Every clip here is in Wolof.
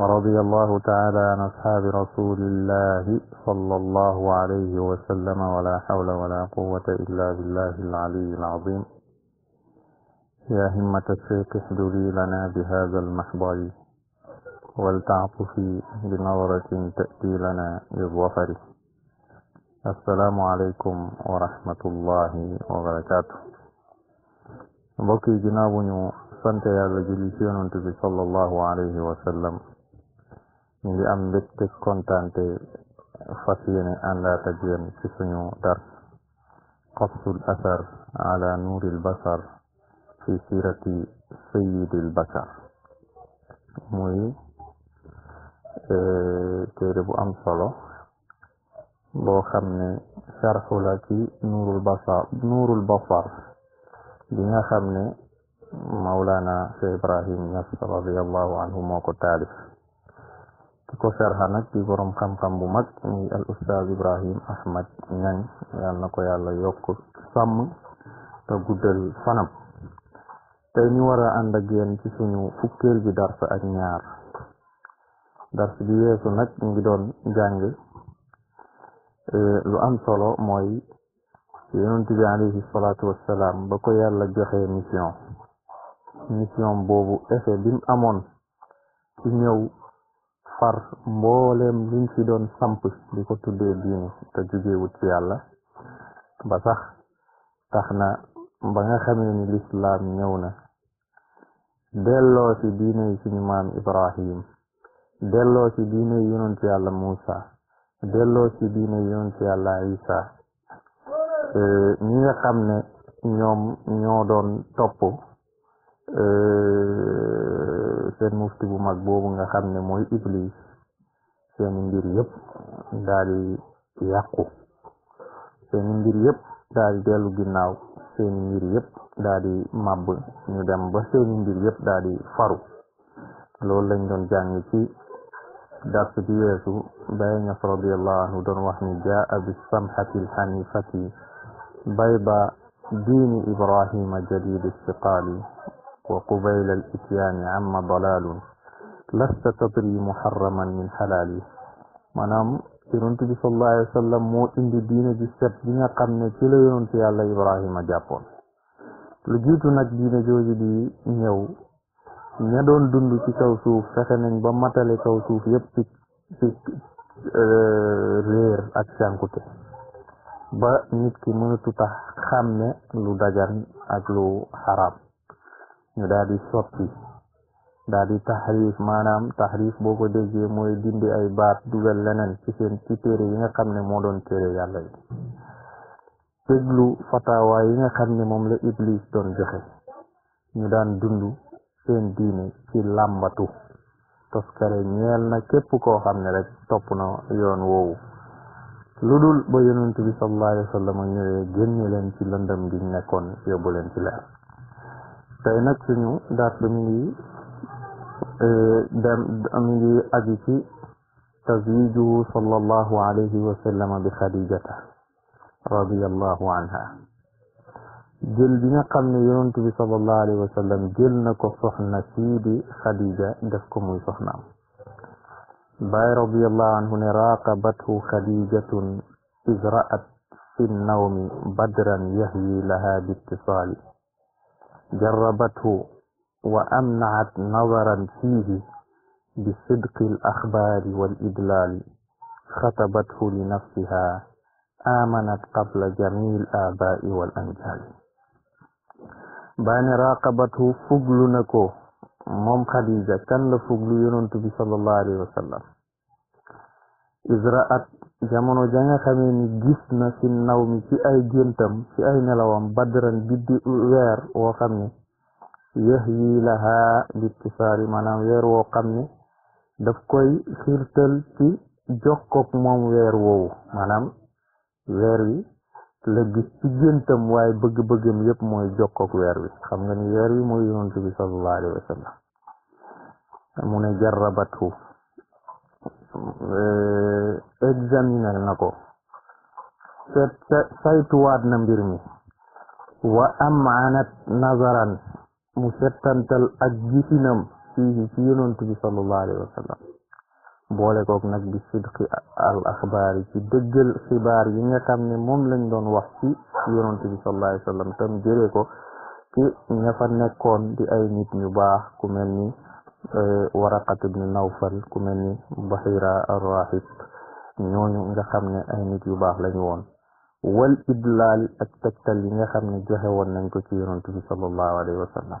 ورضي الله تعالى عن أصحاب رسول الله صلى الله عليه وسلم ولا حول ولا قوة إلا بالله العلي العظيم يا همة الشيخ احذري لنا بهذا المحضر ولتعطفي بنظرة تأتي لنا بالظفر السلام عليكم ورحمة الله وبركاته بقي جناب سنتي يا رجل صلى الله عليه وسلم ñu ngi am mbégte kontaante fas yéene àndaat ak yéen ci suñu dars qasul asar ala nuuril basar fi sirati sayidil basar muy téere bu am solo boo xam ne sarxu la ci nuurul basar nuurul basar bi nga xam ne mawlaana Cheikh Ibrahim Ñas radiallahu anhu moo ko taalif ki ko sharha nag di borom xam-xam bu mag muy al ustaaz ibrahim ahmad ñang yal na ko yàlla yokk sàmm te guddal fanam tey ñu war a ànd ak ci suñu fukkeel bi dars ak ñaar dars bi weesu nag ñu ngi doon jàng e, lu am solo mooy yonent bi alayhi salaatu wassalaam ba ko yàlla joxee mission mission boobu effet bi amoon ci ñëw far mbooleem luñ fi doon samp di ko tuddee diine te jugewut ci yàlla ba sax tax na ba nga xamee ni lislaam ñëw na delloo ci diine yi suñu maam ibrahim delloo ci diine yi yonent yàlla muusa delloo ci diine yi yonent yàlla isa e, ñi nga xam ne ñoom ñoo doon topp e, seen mufti bu mag boobu nga xam ne mooy iblis seeni mbir yëpp daal di yàqu seeni mbir yëpp daal di dellu ginnaaw seeni mbir yépp daal di màbb dem ba seeni mbir yëpp daal faru loolu lañ doon jàng ci dars bi weesu Baye Ñas radiallahu anhu doon wax ni jaa bi samhati lxanifati bayda diini a jadid istiqaali وقبيل الإتيان عما ضلال لست تطري محرما من حلال maanaam yonent bi sallallahu alayhi wa sallam moo indi diine ji set bi nga xam ci la yonent yàlla Ibrahima jàppoon lu jiitu nag diine jooju di ñëw ña doon dund ci kaw suuf fexe nañ ba matale kaw suuf yépp ci ci euh, ak cànkute ba nit ki mënatu tax xam ne lu dagan ak lu xaraam ñu daal di soppi daal di taxriif maanaam taxriif boo ko déggee mooy dindi ay baat dugal leneen ci seen ci téere yi nga xam ne moo doon téere yàlla yi déglu xam ne moom la iblis doon joxe ñu daan dund seen diine ci làmbatu toskare ñeel na képp koo xam ne rek topp na yoon woowu lu dul ba yonent bi sallallahu alayhi wa ñëwee génne leen ci lëndëm gi nekkoon yóbbu leen ci leer fait une action صلى الله عليه وسلم بخديجته رضي الله عنها جل بنقم يونت صلى الله عليه وسلم جل نكو صحن سيدي خديجة دفكم صحنا باي رضي الله عنه راقبته خديجة إذ رأت في النوم بدرا يهي لها باتصال جربته وأمنعت نظرا فيه بصدق الأخبار والإدلال خطبته لنفسها آمنت قبل جميع الآباء والأنجال بان راقبته فقل نكو موم خديجة كان لفقل ينتبي صلى الله عليه وسلم إذ رأت jamono ja nga xamee ni gis na ci naw mi ci ay géntam ci ay nelawam badran biddi weer woo xam ne yëx yi lahaa bittisaari maanaam weer woo xam ne daf koy xiirtal ci jokkoog moom weer woowu maanaam weer wi la gis ci géntam waaye bëgg-bëggam yépp mooy jokkoog weer wi xam nga ni weer wi mooy yonent bi sallallahu wa sallam mu ne jarrabatu examinal nako ko seet saytuwaat na mbir mi wa amanat nazaran mu setantal ak gisinam fiihi ci yonent bi sallallahu alayhi wa sallam boole kook nag bi sidqi al akhbar ci dëggal xibaar yi nga xam ne moom lañ doon wax ci yonent bi sallallahu alayhi wa sallam tam jëlee ko ci ña fa nekkoon di ay nit ñu baax ku mel ni waraqat ibni nawfal ku mel ni bahira arrahib ñooñu nga xam ne ay nit yu baax lañu woon wal idlaal ak tegtal yi nga xam ne joxe woon nañ ko ci yonent bi sallallahu alayhi wa sallam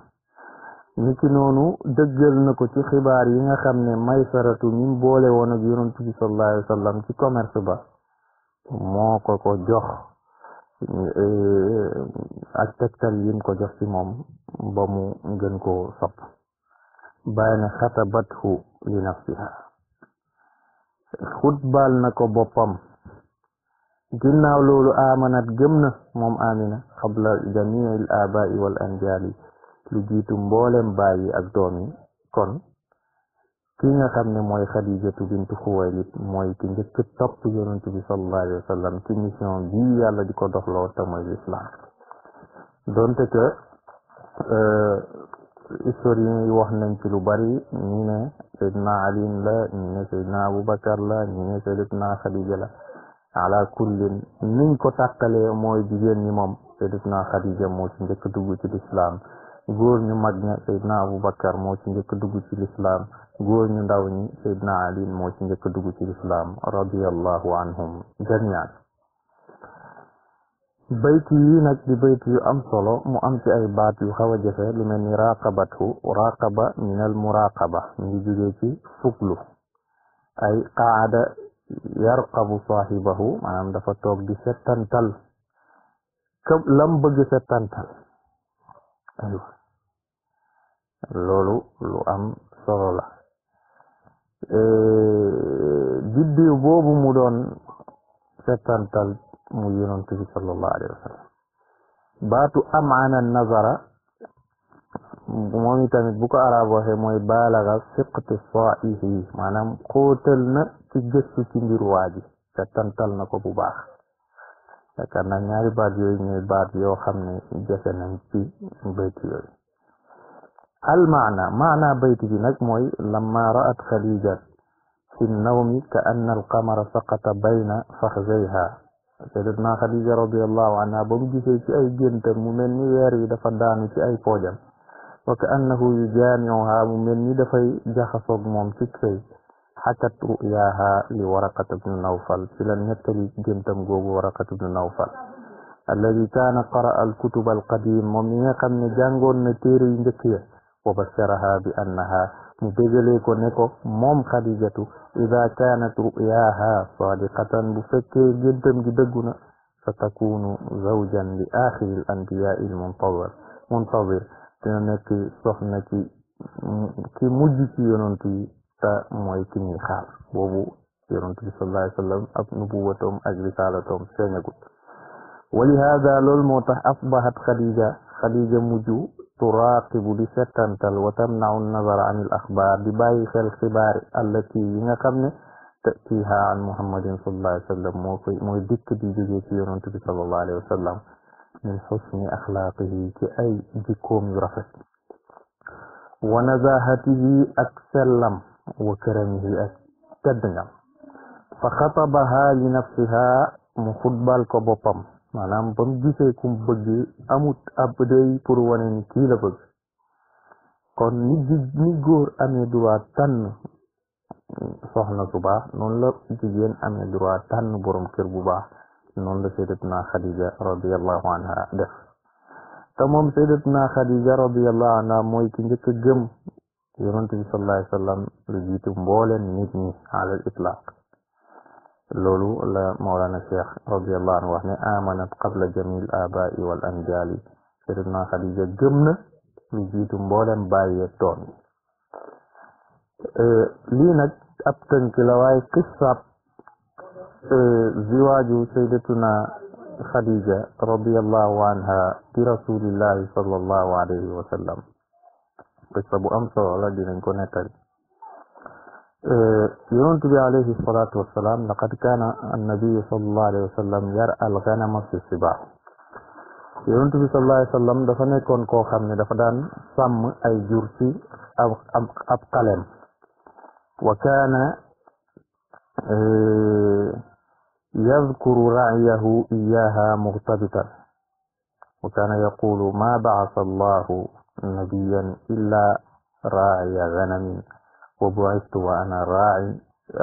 ni ki noonu dëggal na ko ci xibaar yi nga xam ne maysaratu mim boole woon ak yonent bi sallallahu alayhi wa sallam ci commerce ba moo ko ko jox eh, ak tegtal yim ko jox ci moom ba mu gën koo sopp bàyyi na xatabathu li nafsiha xutbaal na ko boppam ginnaaw loolu amanat gëm na moom amina xabla jamiil abai wal anjaali lu jiitu mboolem bàyyi ak kon ki nga xam ne mooy xadijatu bintu xuwaylid mooy ki njëkk topp yonent bi sallallahu alayhi wa sallam ci mission bii yàlla di ko doxloo te mooy historien wax nañ ci lu bari ñi ne Seydina Ali la ñi ne Seydina Aboubacar la ñi ne Seydina Khadija la kullin niñ ko tàkkalee mooy jigéen ñi moom Seydina Khadija moo ci njëkk dugg ci lislaam góor ñu mag ña Seydina Aboubacar moo ci njëkk dugg ci lislaam góor ñu ndaw ñi Seydina Ali moo ci njëkk dugg ci lislaam anhum jamian بيتي نك دي بيتي ام صلو مو ام سي اي بات يو خوا جفه لمن راقبته راقبه من المراقبه ني جوجي سي فوكلو اي قاعد يرقب صاحبه مانام دا فا توك دي ستانتال كم لم بغي ستانتال ايوا لولو لو ام صلو لا ا بوبو مودون ستانتال مجنون صلى الله عليه وسلم باتو امعن النظر مومي تامي بوكا عربو هي موي بالغ سقط صائه مانام قوتلنا تي جسو تي ندير وادي تا تنتال نكو باخ دا كان بات يوي ني بات يو خامني جسنا في بيت يوي المعنى معنى بيت بي نك لما رات خليجه في النوم كان القمر سقط بين فخذيها سيدنا خديجة رضي الله عنها بمجيسة في أي جنت ممني ويروي دفا دانو في أي فوجم وكأنه يجانعها ممني دفا جخص موم في حكت رؤياها لورقة ابن نوفل فلن يتلي جنتم جوب ورقة ابن نوفل الذي كان قرأ الكتب القديم ومن يقم نجانغون نتيري وبشرها بأنها مبجلي كونيكو موم خديجتو إذا كانت رؤياها صادقة بفك جدا جدا ستكون زوجا لآخر الأنبياء المنتظر منتظر تنكي صحنك كي مجيكي يونتي تا مويكي خاف وبو يونتي صلى الله عليه وسلم أب نبوتهم أجرسالتهم سنقود ولهذا لول أصبحت خديجة خديجة مجو تراقب لستنتل وتمنع النظر عن الأخبار ببايخ الخبار التي ينقبن تأتيها عن محمد صلى الله عليه وسلم موي ديك دي جوجي صلى الله عليه وسلم من حسن أخلاقه كأي ديكوم يرفت ونزاهته أكسلم وكرمه أكدنا فخطبها لنفسها مخطبال كبوبم maanaam ba mu gisee ku mu bëgg amut ab day pour wane kii la bëgg kon ni ni góor amee droit tànn soxna su baax noonu la jigéen amee droit tànn borom kër bu baax noonu la sayyidatuna Xadija radiyallahu anha def te moom sayyidatuna Xadija radiyallahu anha mooy ki njëkk a gëm yonent bi sallallahu alayhi wa sallam lu jiitu nit ñi alal itlaq loolu la Mawlana Cheikh radiallahu anhu wax ne amanat qabla jamil abai wal anjali sayyidatuna Xadija gëm na lu jiitu mboolem bàyyee toon eh, lii nag ab tënk la waaye qissab eh, ziwaaju sayyidatuna Xadija radiallahu anha bi rasulillahi sallallahu alayhi wa sallam qissa bu am solo la dinañ ko nettali آه، يونت بي عليه الصلاة والسلام لقد كان النبي صلى الله عليه وسلم يرأى الغنم في الصباح يونت بي صلى الله عليه وسلم دفنه كون كو خمني دفدان سم أي جرسي أب قلم وكان يذكر رعيه إياها مغتبطا وكان يقول ما بعث الله نبيا إلا راعي غنم وبعثت وأنا راعي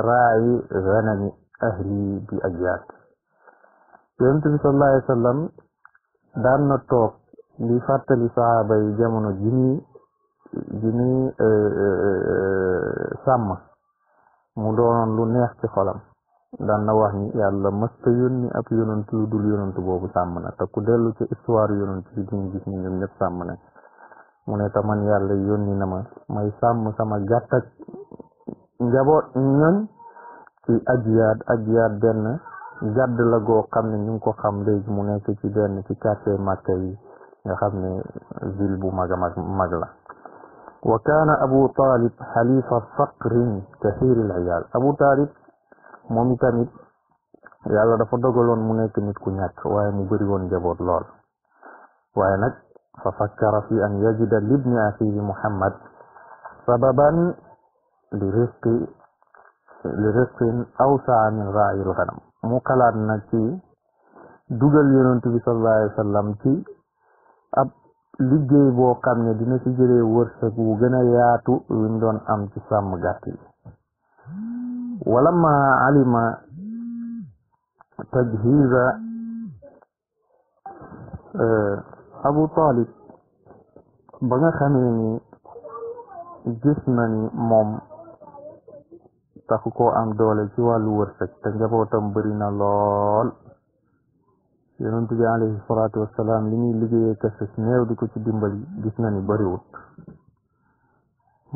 راعي غنم أهلي بأجياد yonent bi sallallahu alayhi wa sallam daan na toog di fàttali saxaaba yi jamono ji muy eh, eh, sàmm mu doonoon lu neex ci xolam daan na wax ni yàlla mësta yónni ab yonent lu dul yonent boobu sàmm na te ku dellu ci histoire yonent bi di gis ni ñoom ñëpp sàmm nañ mu ne te man yàlla yónni na ma may sàmm sama gàtt ak njaboot ñoñ ci ajiyaat ajiyaat benn gàdd la goo xam ne ñu ko xam léegi mu nekk ci benn ci quartier Makka yi nga xam ne ville bu mag a mag mag la wa kaana abu talib xalifa faqrin kathiril iyal abu talib moom itamit yàlla dafa dogaloon mu nekk nit ku ñàkk waaye mu bëri woon njaboot lool waaye nag ففكر في أن يجد لابن أخيه محمد سببا لرزق لرزق أوسع من راعي الغنم mu xalaat na ci dugal yonent bi sallallahu alayhi wa sallam boo xam ne dina ci jëlee wërsëg wu gën a yaatu wi doon am ci sàmm gàtt yi walamma alima tajhiza Abu Talib ba nga xamee ni gis na ni moom taxu ko am doole ci wàllu wërsëg te njabootam bëri na lool yonent bi alayhi salaatu wasalaam li muy liggéeyee kese si néew di ko ci dimbali gis na ni bëriwut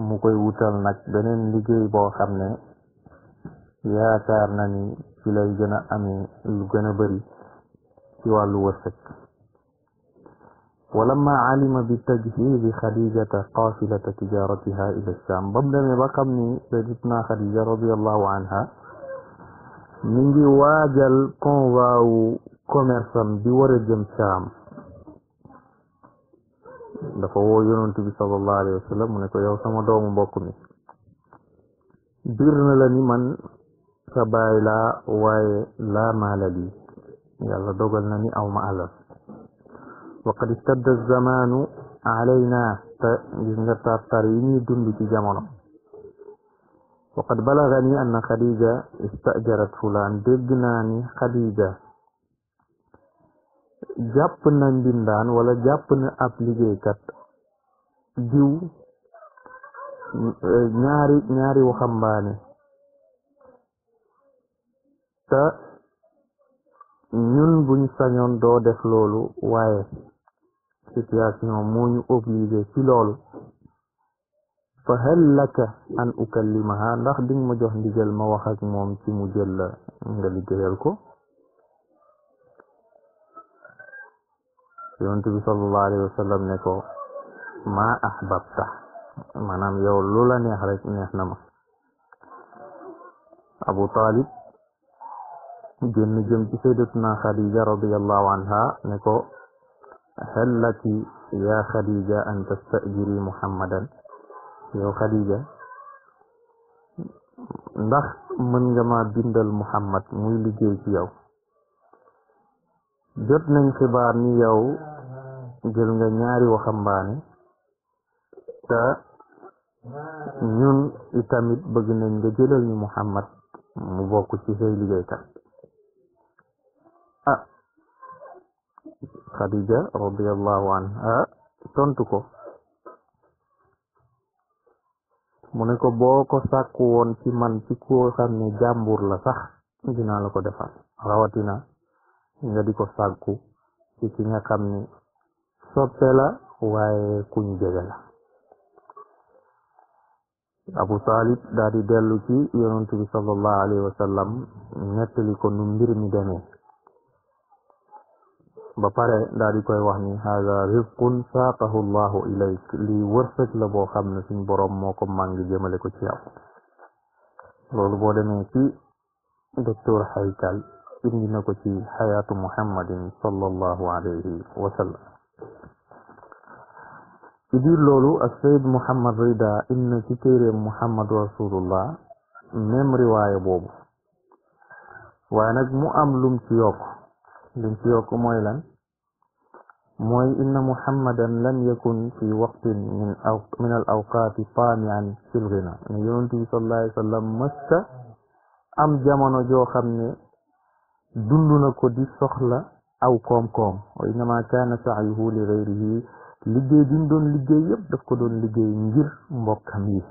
mu koy wutal nag beneen liggéey boo xam ne yaakaar na ni ci lay gën a amee lu gën a bari ci wàllu wërsëg walamma alima bi tajhiizi xadijata qaafilata tijaratiha ila sham ba mu demee ba xam ni sayyidatuna xadija radiallahu anha mi waajal convoi wu bi war a jëm dafa woo yonent bi sallallahu alayhi wa sallam ko yow sama doomu mbokk mi biir man sa baay laa waaye laa maala lii yàlla dogal na ni aw waqad istadda zamaanu alayna te gis nga tartar yi ñuy dund ci jamono waqad balagani anna xadija istajarat fulaan dégg naani ni xadija jàpp na mbindaan wala jàpp na ab liggéeykat diw ñaari ñaari waxambaane te ñun buñ sañoon doo def loolu waaye situation moo ñu obligé ci loolu fa hal laka an ukallimaha ndax dinga ma jox ndigal ma wax moom ci mu jël la nga liggéeyal ko yonent bi sallallahu ne ko maa ahbabta maanaam yow lu neex rek neex na ma abu talib génn jëm ci sayyidatuna xadija radiyallahu anha ne ko hal laki ya Khadija an tastajiri muhammadan yow Khadija ndax mën nga ma bindal muhammad muy liggéey ci yow jot nañ xibaar ni yow jël nga ñaari waxambaane te ñun itamit bëgg nañ nga jëlal ñu muhammad mu bokk ci say liggéeykat Khadija radiallahu anha tontu ko mu ne ko boo ko sàkku woon ci man ci koo xam ne jàmbur la sax dinaa la ko defal rawatina nga di ko sàkku ci ki nga xam ne soppe la waaye kuñ jege la abu taalib daal di dellu ci yonent bi sallallahu alayhi wa sallam ko nu mbir mi demee ba pare daal di koy wax ni haada rizqun saaqahu llahu ilayk lii wërsëg la boo xam ne suñ borom moo ko màng jëmale ko ci yow loolu boo demee ci docteur Haykal indi na ko ci xayaatu muhammadin sallallahu alayhi wa sallam ci biir loolu ak sayid muhammad rida inna ci téeréem muhammad rasulullah même riwaaya boobu waaye nag mu am lum ci yokk موي إن محمدا لم يكن في وقت من, من الأوقات طامعا في الغنى يونتي صلى الله عليه وسلم مست أم جمعنا جو خمني دلنا كدي سخلة أو كوم كوم وإنما كان سعيه لغيره لجي دون لجي يبدأ كدون لجي نجير مبكمير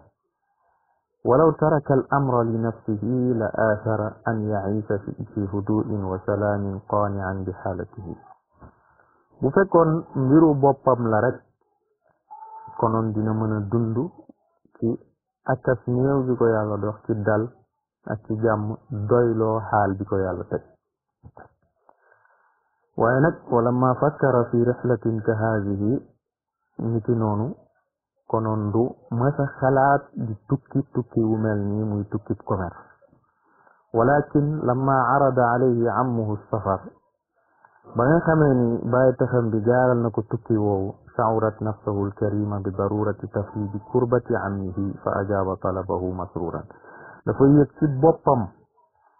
ولو ترك الأمر لنفسه لآثر أن يعيش في هدوء وسلام قانعا بحالته بفكون ميرو بوبام لارك كونون دينا مانا دوندو كي اكاس نيو بيكو يالا دوخ كي دال اكي جام دويلو حال بيكو يالا تك وينك ولما فكر في رحلة كهذه نيتي konoon du masa xalaat di tukki tukki wu mel nii muy tukki commerce walakin lamma arada alayhi ammuhu safar ba nga xamee ni bàyyi taxam bi jaaral na ko tukki woowu saurat nafsahu alkarima bi darurati tafridi kurbati ammihi fa ajaba talabahu masruran dafa yëg ci boppam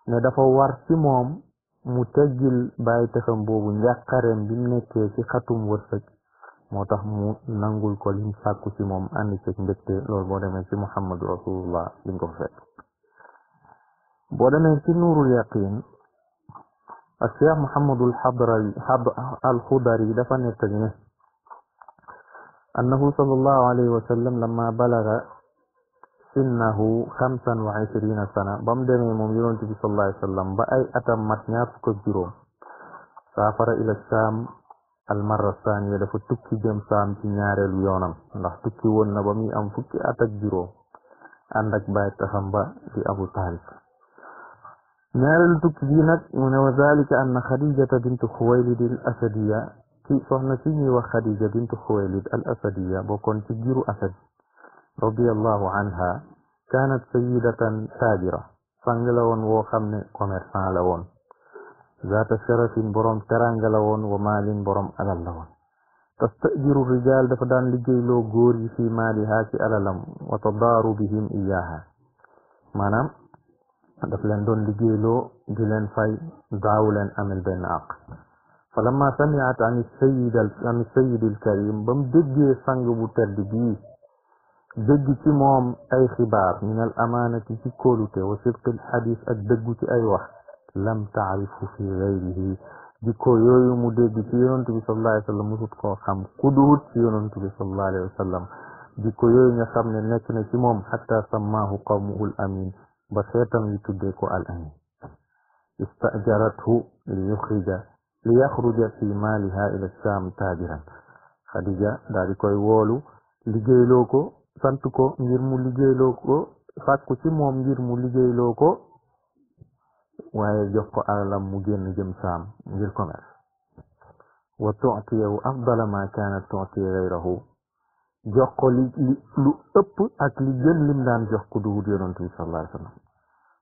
ne dafa war ci moom mu teggil bàyyi taxam boobu njàqareem bi mu nekkee ci xatum wërsëg moo tax mu nangul ko lim sàkku ci moom ànd ceeg mbégte loolu boo demee ci muhammadu rasulullah li nga ko fekk boo demee ci nuurul yaqin ak cheikh muhammadul xadrawi al xudari dafa nettal ne annahu sallallahu alayhi wa sallam lama balaga sinnahu xamsan wa ishirina sana ba mu demee moom yonente bi sallallahu alayhi wa sallam ba ay atam mat ñaar fukk ak juróom saafara ila sham المرة الثانية دا فتوكي جم سام تي اليونم ناخ توكي وون نا بامي ام فوكي اتاك جيرو اندك باي تخمبا دي ابو طالب نيار التوكي دي نك من وذلك ان خديجة بنت خويلد الاسدية كي سوحنا سيني وخديجة بنت خويلد الاسدية بوكون تي جيرو اسد رضي الله عنها كانت سيدة تاجرة سنجلون وخمن كوميرسان لون ذات شرف بروم ترانغلاون ومال بروم ألالون تستأجر الرجال دفدان لجي لو غوري في مالها في ألالم وتضار بهم إياها ما نام دفلان دون لجي لو دلان فاي داولان أمل بين أق فلما سمعت عن السيد عن السيد الكريم بم دجي سنگ بتردبي دجي تموم أي خبار من الأمانة في كولوتي وصدق الحديث الدجو أي وقت لم تعرفه في غيره ديكو يوي مودي ديكو يونتبي صلى الله عليه وسلم موت كو خام كودوت يونتبي صلى الله عليه وسلم ديكو يوي ني خام ني حتى سماه قومه الامين با سيتام ني الامين استاجرته ليخرج ليخرج في مالها الى الشام تاجرا خديجه داري كوي وولو ليغي لوكو سانتكو ngir mu ligey loko fakku ci waaye jox ko alalam mu génn jëm saam ngir commerce wa tu'tiyahu afdala ma kaanat tu'ti ghayrahu jox ko li li lu ëpp ak li gën lim daan jox ko duhut yonent bi sallallahu alayhi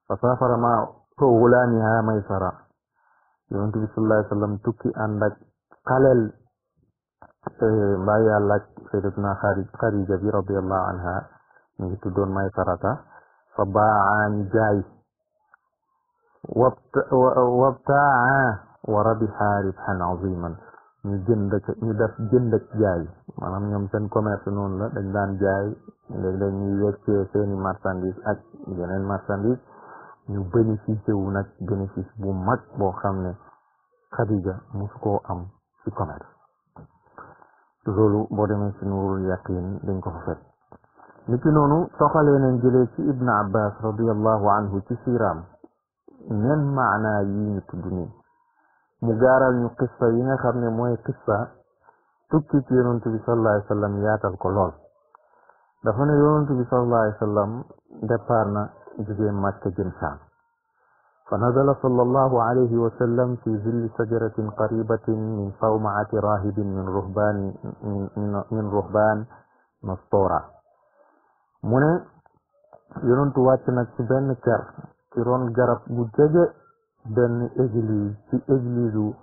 wa fa saafara ma to gulaamiha maysara yonent bi sallallahu alayhi tukki ànd ak xaleel eh, mbaa yàlla ak sayyidatuna Xadija bi radiyallahu anha mi ngi tuddoon Maysarata fa baañu jaay wabtaa wa rabiha ribhan aziman ñu jënd ñu def jënd ak jaay maanaam ñoom seen commerce noonu la dañ daan jaay léeg-léeg ñuy weccee seeni marchandise ak yeneen marchandise ñu bénéficié wu nag bénéfice bu mag boo xam ne Xadija mosu koo am ci commerce loolu boo demee ci Nuurul Yaqiin dañ ko fa fekk niki noonu soxalee nañ jëlee Ibn Abbas radiallahu ci siiraam من معنى يين تدني مجارا من قصة ينا خرنا موي قصة تكي تيرون تبي صلى الله عليه وسلم ياتل كلول دفن يرون تبي صلى الله عليه وسلم دفارنا جدي مكة جنسان فنزل صلى الله عليه وسلم في ظل شجرة قريبة من صومعة راهب من رهبان من رهبان مسطورة من يرون تواتنا سبن كر ci garab bu jege benn église ci église wu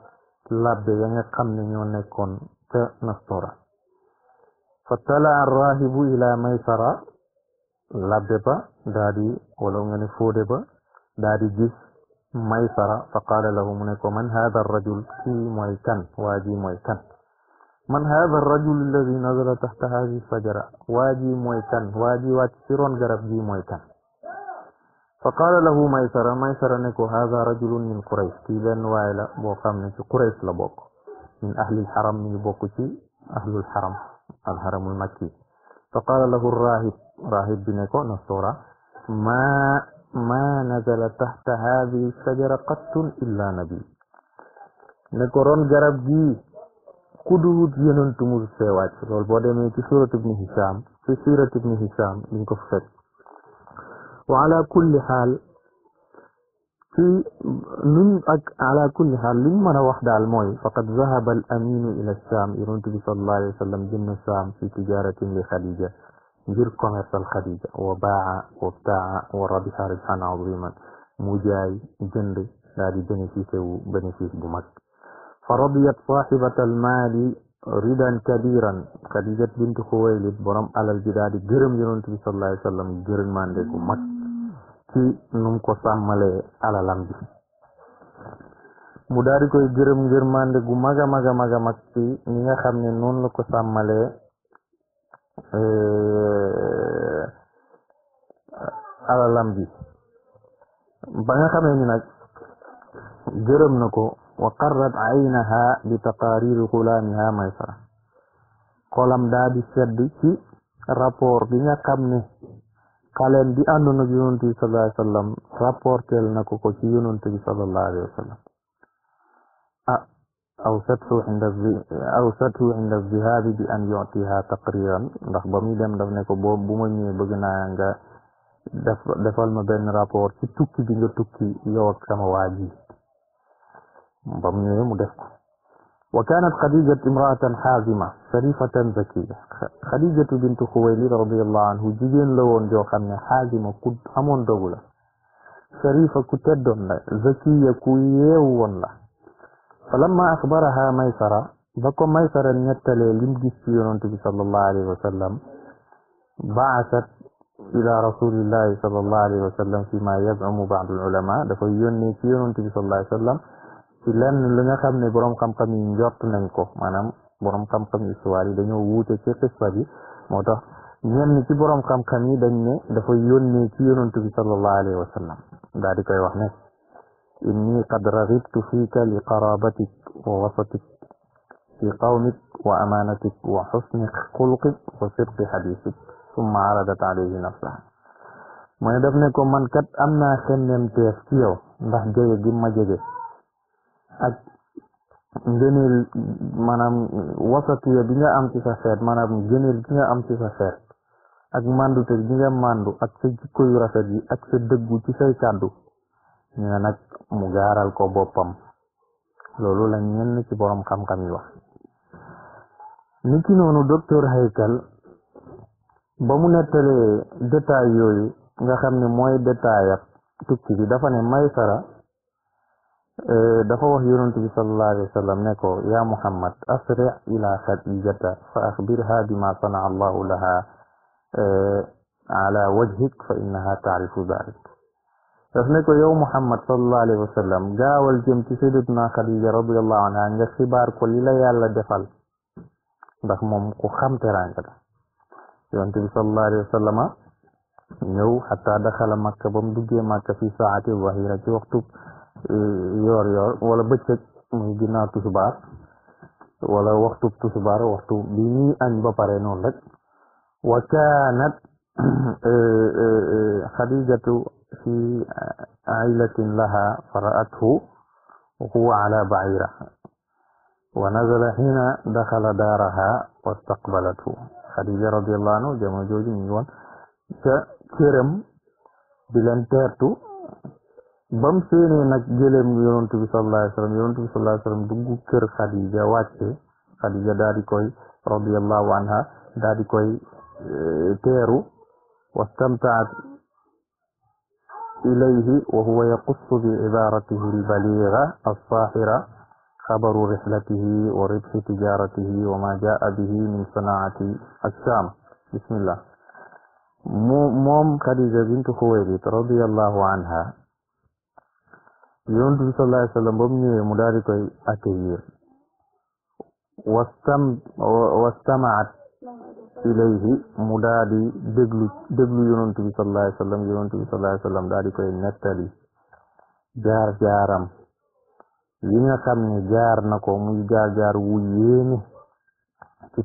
labbe ya nga xam ne ñoo nekkoon ca nastora fa talaa rahibu ila maysara labbe ba daa di wala nga ne fóode ba daa gis maysara fa qaala lahu mu ne ko man hada arrajul kii mooy kan waa ji mooy kan man hada arrajul alladi nazala taxta hadi lfajara waa ji mooy kan waa ji wàcc ci ron garab gi mooy kan faqaala lahu maysara maysara ne ko hada rajulun min quraysh kii benn waay la boo xam ne ci quraysh la bokk min ahlil xaram mi ngi bokk ci ahlul xaram alxaramul makki fa qaala lahu rahib rahib bi ne ko nastora maa maa nazala taxta haadihi sajara qattun illa nabi ne ko ron garab gii kuduwut yonantu musu fee wàcc loolu boo demee ci surat ibni hisam ci surat ibni hisam liñ ko fekk وعلى كل حال في من أك على كل حال لما وحد الموي فقد ذهب الأمين إلى الشام النبي صلى الله عليه وسلم جن الشام في تجارة لخديجة جر كوميرس الخديجة وباع وابتاع وربح ربحا عظيما مجاي جنري هذه بنفيس بنفيس بمك فرضيت صاحبة المال ردا كبيرا خديجة بنت خويلد برم على الجداد جرم النبي صلى الله عليه وسلم جرم عندكم مك ci num ko sàmmalee alalam bi mu daal di koy gu mag a mag a mag a mag ci ñi nga xam ne noonu la ko sàmmalee euh, alalam bi ba nga ni nag gërëm na ko wa qarrat aynaha bi taqariri xulaamiha maysara xolam daa di sedd ci rapport bi nga xam ne xaleel bi àndoon ak yonent bi sallallahu na ko ko ci yonent bi sallallahu alayhi wa sallam ah awsathu inda awsathu inda zihabi bi an yutiha taqriran ndax ba muy dem daf ko boobu bu ma ñëwee bëgg defal ma benn rapport ci tukki bi nga tukki yow ak sama waa ji وكانت خديجة امرأة حازمة شريفة زكية خديجة بنت خويلد رضي الله عنه جيجين لون جو خمنا حازمة كد أمون دولا شريفة كتدون لا زكية كويوون لا فلما أخبرها ميسرة بكو ميسرة نتلي لمجي يونتبي صلى الله عليه وسلم بعثت إلى رسول الله صلى الله عليه وسلم فيما يزعم بعض العلماء دفع يوني يونتبي صلى الله عليه وسلم ci lenn li nga xam ne borom xam-xam yi njort nañ ko maanaam borom xam-xam histoire yi dañoo wuute ci xisba bi moo tax ñenn ci borom xam-xam yi dañ ne dafa yónnee ci yonantu bi sallallahu alayhi wa sallam daal di koy wax ne inni qad raghibtu fika li qarabatik wa wasatik fi qawmik wa amanatik wa husni xulqik wa sidqi xadisik summa aradat alayhi nafsaha mu daf ne ko man kat am naa xemmemteef ci yow ndax jege gi ma jege ak ngëneel maanaam wasatiya bi nga am ci sa xeet maanaam ngëneel bi nga am ci sa xeet ak màndute bi nga màndu ak sa jikko yu rafet yi ak sa dëggu ci say kàddu ñu nag mu gaaral ko boppam loolu la ñenn ci borom xam-xam yi wax niki noonu docteur Haykal ba mu nettalee détail yooyu nga xam ne mooy détail ak tukki bi dafa ne Maysara دفع يونس بن صلى الله عليه وسلم نكو يا محمد أسرع إلى خديجة فأخبرها بما صنع الله لها على وجهك فإنها تعرف ذلك فسنكو يا محمد صلى الله عليه وسلم جاء والجمع سيدنا خديجة رضي الله عنها عن خبار كل لا يالا دفل دخمم قخم تران كده يونس بن صلى الله عليه وسلم نو حتى دخل مكة بمدجة مكة في ساعة الظهيرة وقتك yoor yoor wala bëccëg muy ginnaaw tusubaar wala waxtu tusubaar waxtu bi ñuy añ ba pare noonu rek wa kaanat xadijatu fi ailatin laha faraathu وهو على بعيرها ونزل حين دخل دارها واستقبلته خديجة رضي الله عنه جمع جوجي نيوان كرم بلانتيرتو ba mu séenee nag gëléem yonent bi sallallahu alayhi wa sallam yonent bi sallallahu alayhi wa sallam dugg kër Xadija wàcce Xadija daal di koy radiyallahu anha daal di koy eh, teeru wastamtaat ilayhi wa huwa yaqussu bi ibaratihi albaliga alsahira xabaru rihlatihi wa ribxi tijaratihi wa ma jaa bihi min sanaati alsham bismillah mu moom Xadija bintu Xuwaylid radiyallahu anha yonent bi sallallahu alayhi wa sallam ba mu ñëwee koy accueillir wastam wastamaat ilayhi mu daal di déglu déglu yonent bi sallallahu alayhi koy nettali jaar jaaram yi nga xam ne jaar na ko mu jaar jaar wu yéeme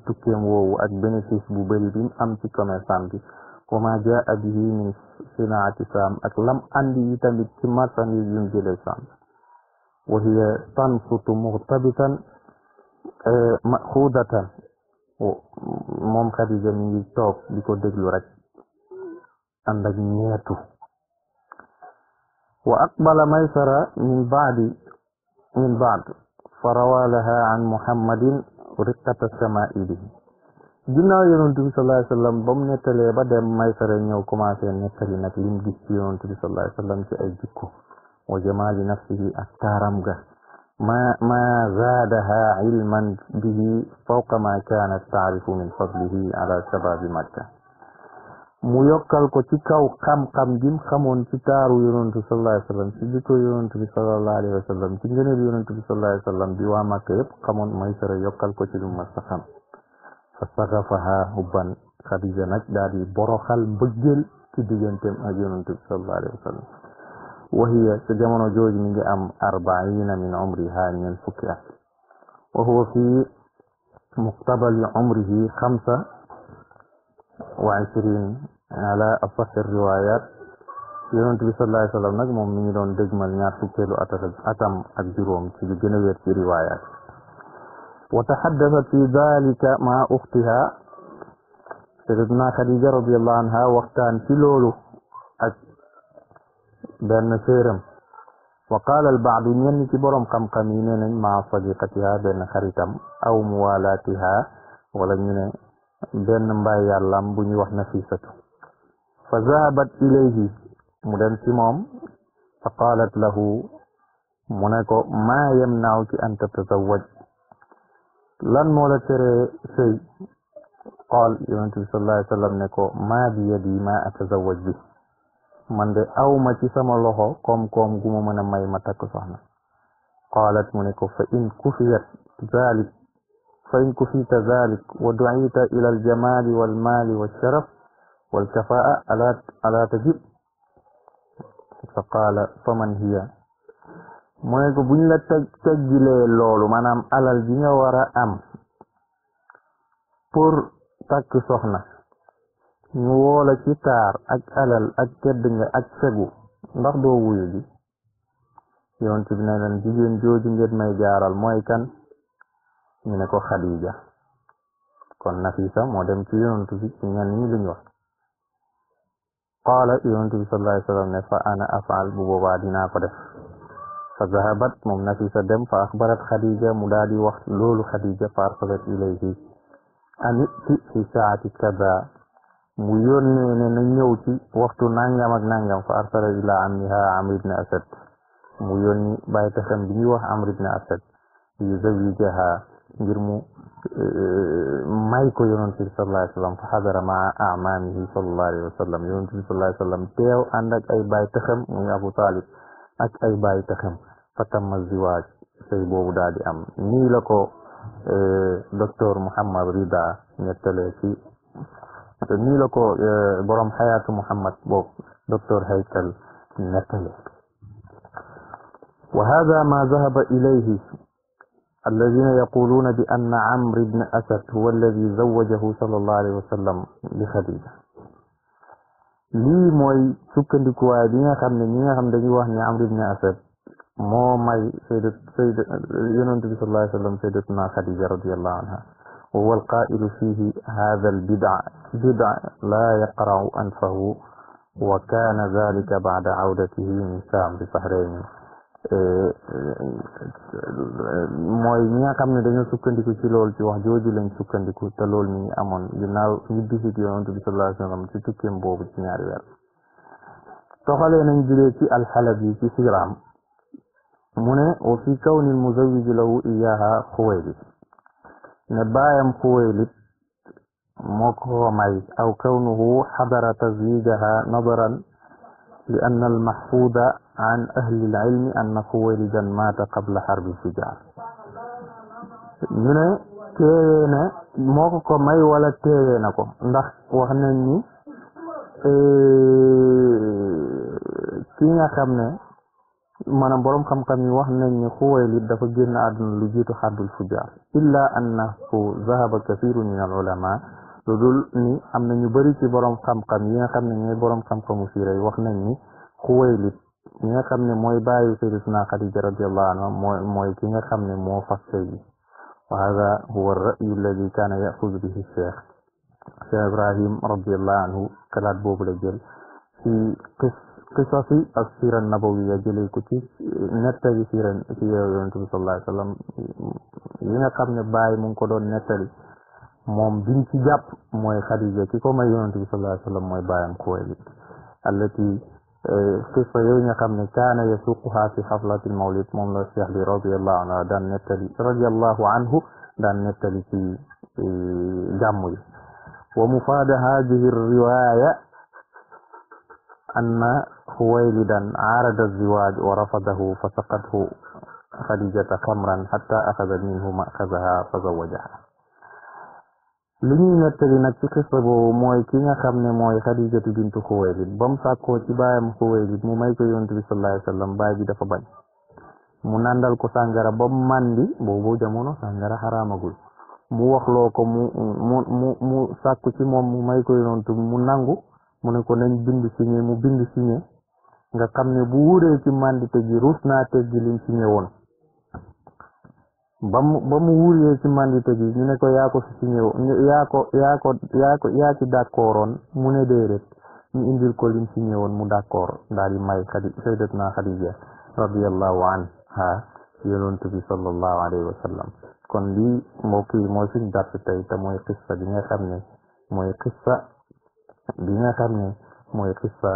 tukkeem woowu ak bénéfice bu bari bi am ci commerçant bi وما جاء به من صناعة سام أكلم عندي تمت كما سنجد ينزل سام وهي تنصت مغتبتا آه، مأخوذة ومم خديجة من يتوب لكو دقلو رك عندك نياتو وأقبل ميسرة من بعد من بعد فروى لها عن محمد رقة السمائلين ginnaaw yonent bi sallallahu alayhi wasallam ba mu nettalee ba dem Maysara ñëw commencé nettali nag lim gis ci yonent bi sallallahu alayhi wasallam ci ay jikko wa jamaali nafsihi ak taaram ga ma ma zaadaha ilman bihi fawqa ma kaanat taarifu min fadlihi ala shababi makka mu yokkal ko ci kaw xam-xam bi mu xamoon ci taaru yonentu bi sallallahu alayhi wasallam ci jikko yonentu bi sallallahu alayhi wasallam ci ngëneelu yonentu bi sallallahu bi waa makka yépp xamoon may sara yokkal ko ci lu mas a فصغفها حبا خديجة نجداري بروخ البجل في ديجنتم أجنونتك صلى الله عليه وسلم وهي تجمعنا جوج من أم 40 من عمرها من فكرة وهو في مقتبل عمره 25 على أصح الروايات يونت بي صلى الله عليه وسلم نجم من دجمال نار فكرة أتم أجروم في جنوية في روايات وتحدثت في ذلك مع أختها سيدنا خديجة رضي الله عنها وقتان في لولو بأن سيرم وقال البعض من ينك برم قم مع صديقتها بن خريتم أو موالاتها ولن بن مبايا اللهم بني وحنا فذهبت إليه مدن تمام فقالت له منك ما يمنعك أن تتزوج lan moo la tere sëy qaal yonent bi sallallahu alayhi wa sallam ne ko maa bi yadi ma atazawaj bi man de awma ci sama loxo koom-koom gu ma mën a may ma takk soxna qaalat mu ne ko fa in kufiyat zalik fa in kufita zalik wa du'ita ila aljamali walmali walsharaf walkafaa ala ala tajib fa qaala faman hiya mooy ko buñ la teg teggilee loolu maanaam alal ji nga war a am pour takk soxna ñu woola ci taar ak alal ak tedd ak segu ndax doo wuyu ji yonent bi ne leen jigéen jooju ngeen may jaaral mooy kan ñu ne ko Xadija kon Nafisa moo dem ci yonent bi ci ñenn ñi luñ wax qaala yonent bi ne fa ana afal bu boobaa ko def فذهبت ممنفسة دم فأخبرت خديجة مدادي وقت لول خديجة فأرسلت إليه أن ائت في ساعة كذا ميوني نيوتي وقت نانجم نانجم فأرسل إلى عمها عمرو بن أسد ميوني بايت بيوه عمرو بن أسد يزوجها جرمو إيه، مايكو يونس صلى الله عليه وسلم فحضر مع أعمامه صلى الله عليه وسلم يونس صلى الله عليه وسلم تيو عندك أي بايت خم من أبو طالب ak ay bàyyi taxam fa tam ziwaj sëy bobu daal am ni lako ko docteur Mouhammad Rida ñettalee ci ni lako ko borom hayatu Mouhammad bob docteur haytal ñettalee wa hada ma zahaba ilayhi الذين يقولون بأن عمرو بن أسد هو الذي زوجه صلى الله عليه وسلم بخديجة li moy sukkandiku way bi nga xamne ñi nga xam dañuy wax ni amr ibn asad mo may sayyidat sayyid yunus bin sallallahu alayhi wasallam sallam sayyidatuna khadija radiyallahu anha wa huwa alqa'ilu fihi hadha albid'a bid'a la yaqra'u anfahu wa kana dhalika ba'da 'awdatihi min sa'm bi bahrayn Euh, euh, euh, mooy ñi nga xam ne dañoo sukkandiku ci loolu ci wax jooju lañ sukkandiku te loolu mi ngi amoon ginnaaw ñu bisit yonent bi sallallahu alayhi wa ci tukkeem boobu ci ñaari weer toxalee nañ jugee ci alxalabi ci siram mu ne wa fi kawni lmuzawiji lahu iyaha xuwaylid ne baayam xuwaylid moo aw kawnuhu xadara taswijaha nadaran li anna almaxfuuda an ahlil ilmi annahu walidan maata qabla harbi sijaar ñu ne moo ko ko may wala teewee na ko ndax wax nañ ni e, ki nga xam ne maanaam boroom xam-xam yi wax nañ ni xuwaylid dafa génn àdduna lu jiitu xardul fujaar illa annahu zahaba kathiru min al ulama lu dul ni am na ñu bari ci boroom xam yi nga xam ne ñooy borom xam-xamu siira yi wax nañ ni xuwaylid ki nga xam ne mooy baayu sayyidatuna Xadija radiyallahu anha mooy mooy ki nga xam ne moo fas sëy bi wa hada huwa ar-ra'yu alladi kaana yaxudu bihi cheikh cheikh Ibrahim radiyallahu anhu kalaat boobu la jël ci qis qisasi ak sira nabawiya jëlee ko ci nettali sira si yonent bi sallallahu alayhi wa sallam yi nga xam ne baay mu ngi ko doon nettali moom biñ ci jàpp mooy Xadija ki ko may yonent bi sallallahu alayhi wa sallam mooy baayam Xuwaylid allati سيف يوين كامل كان يسوقها في حفلة المولد من الشيخ رضي الله عنه دان نتلي رضي الله عنه دان نتلي في جمعي ومفاد هذه الرواية أن خويلدا عارض الزواج ورفضه فسقته خديجة خمرا حتى أخذ منه مأخذها فزوجها li ñuy nettali nag ci xisa mooy ki nga xam ne mooy xadijatu bintu xuwaylid ba mu sàkkoo ci baayam xuwaylid mu may ko yonent bi sallallahu alayhi wasallam baay bi dafa bañ mu nandal ko sàngara ba mu màndi boobu jamono sàngara xaraamagul mu waxloo ko mu mu mu mu ci moom mu may ko yonent mu nangu mu ne ko nañ bind signé mu bind signé nga xam ne bu wuree ci màndite gi ruus naa teggi liñ signé woon ba mu ba mu wuree ci mandite gi ñu ne ko yaa ko fi si ñëw yaa ko yaa ko yaa ko mu ne déedéet ñu indil ko lim si ñëwoon mu d'accord daal di may xadi sayyidatna Xadija radiyallahu anha yonent bi sallallahu alayhi wa kon lii mbokk yi mooy suñ mooy xissa bi nga xam ne mooy xissa bi nga xam ne mooy xissa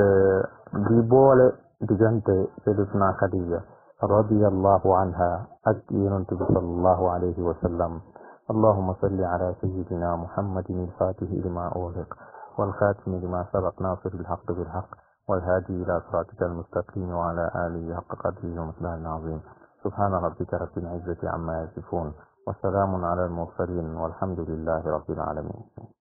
euh, di boole diggante sayyidatna Xadija رضي الله عنها أكين صلى الله عليه وسلم اللهم صل على سيدنا محمد الفاتح لما أغلق والخاتم لما سبق ناصر الحق بالحق والهادي إلى صراطك المستقيم وعلى آله حق قدره ومثله العظيم سبحان ربك رب العزة عما يصفون وسلام على المرسلين والحمد لله رب العالمين